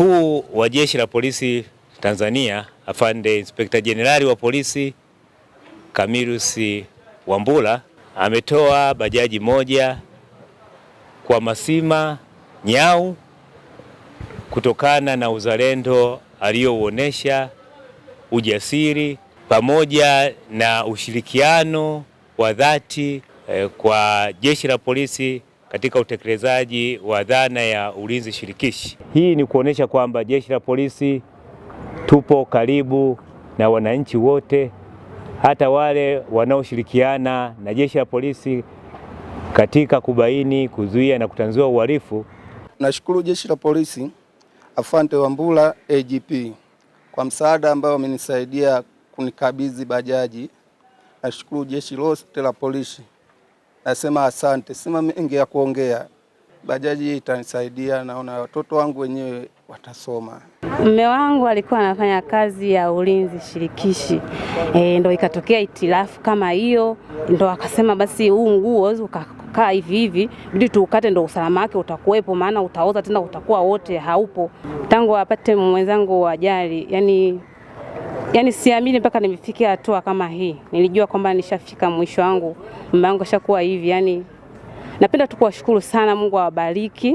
Mkuu wa Jeshi la Polisi Tanzania afande Inspekta Jenerali wa Polisi Camillus Wambura ametoa bajaji moja kwa Masima Nyau kutokana na uzalendo aliyouonesha, ujasiri pamoja na ushirikiano wa dhati eh, kwa Jeshi la Polisi katika utekelezaji wa dhana ya ulinzi shirikishi. Hii ni kuonesha kwamba Jeshi la Polisi tupo karibu na wananchi wote, hata wale wanaoshirikiana na Jeshi la Polisi katika kubaini, kuzuia na kutanzua uhalifu. Nashukuru Jeshi la Polisi, wa Wambura AGP kwa msaada ambao wamenisaidia kunikabidhi bajaji. Nashukuru Jeshi lote la Polisi. Nasema asante, sina mengi ya kuongea. Bajaji hii itanisaidia, naona watoto wangu wenyewe watasoma. Mme wangu alikuwa anafanya kazi ya ulinzi shirikishi e, ndo ikatokea itilafu kama hiyo, ndo akasema basi huu nguo uweze ukakaa hivi hivi, bidi tuukate, ndo usalama wake utakuwepo, maana utaoza tena, utakuwa wote haupo. Tangu apate mwenzangu ajali, yani yani siamini mpaka nimefikia hatua kama hii. Nilijua kwamba nishafika mwisho wangu, mama shakuwa ashakuwa hivi. Yani napenda tu kuwashukuru sana, Mungu awabariki.